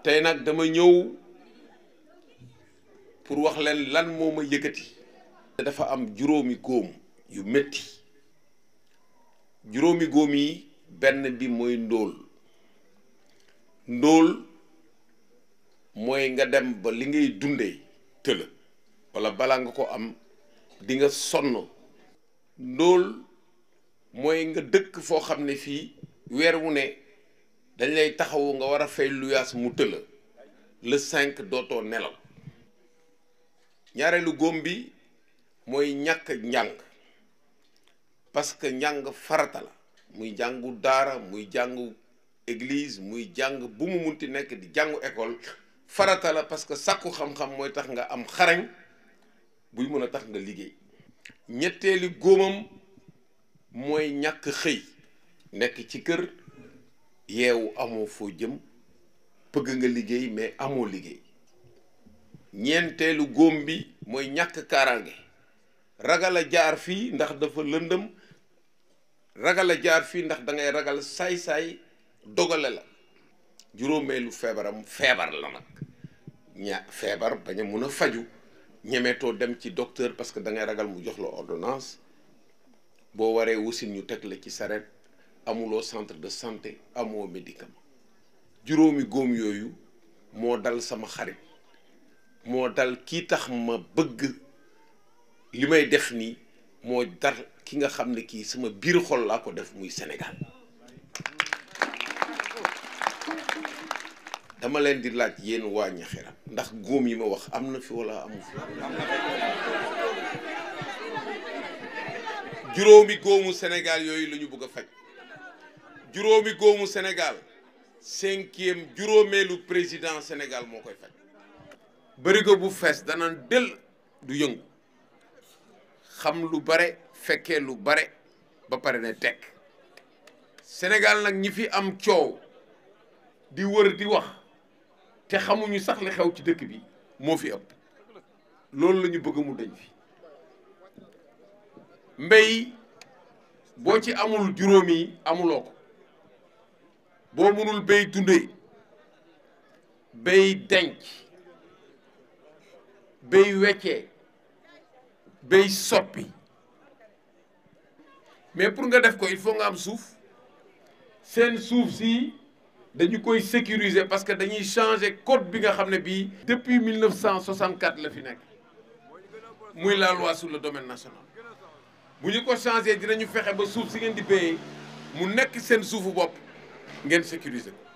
tey nag dama ñëw pour wax leen lan moo ma yëkkati dafa am juróomi góom yu métti juróomi góom yi benn bi mooy ndóol ndóol mooy nga dem ba li ngay dundee tëla walla balaa nga ko am dinga sonn ndóol mooy nga dëkk foo xam ne fii weer wu ne dañ lay taxawu nga war a fay luyaas mu tëla le cinq dootoo nelaw ñaareelu góom bi mooy ñàkk njàng parce que njàng farata la muy jàngu daara muy jàngu église muy jàng bu mu munti nekk di jàngu école farata la parce que sàkku xam-xam mooy tax nga am xarañ buy mën a tax nga liggéey ñetteelu góomam mooy ñàkk xëy nekk ci kër yeewu amoo foo jëm pëgg nga liggéey mais amoo liggéey ñeenteelu góom bi mooy ñàkk kaaraange ragal a jaar fii ndax dafa lëndëm ragal a jaar fii ndax dangay ragal saay-saay dogale la juróomeelu feebaram feebar la nag ña feebar bañ a mun a faju ñemeetoo dem ci docteur parce que da ragal mu jox la ordonnance boo waree wasin ñu teg la ci saret amulo centre de santé amo médicament juróomi gom yoyu mo dal sama xarit modal dal ki tax ma bëgg limay def ni mo dal ki nga xamne ki sama biir xol la ko def muy Sénégal dama len di laaj yeen ndax gom yi ma wax amna fi wala amu fi juróomi gomu Sénégal yoyu lañu bëgg fajj juróomi góomu Sénégal cinquième juróomeelu président Sénégal moo koy faj bërigo bu fees danaan del du yeung xam lu bare fekke lu bare ba pare ne tekk Sénégal nag ñi fi am coow di wër di wax te xamuñu sax li xew ci dëkk bi moo fi ëpp loolu la ñu bëgg mu dañ fi mbéy boo ci amul juróomi amuloo ko si mënul bay dundee bay denc bay soppi mais pour nga def ko il faut nga am souf sen souf si dañu koy sécuriser parce que dañuy changer code bi nga xamné depuis 1964 la fi la loi sur le domaine national buñu ko changer dinañu fexé ba souf si ngeen di mu ngeen sécuriser ko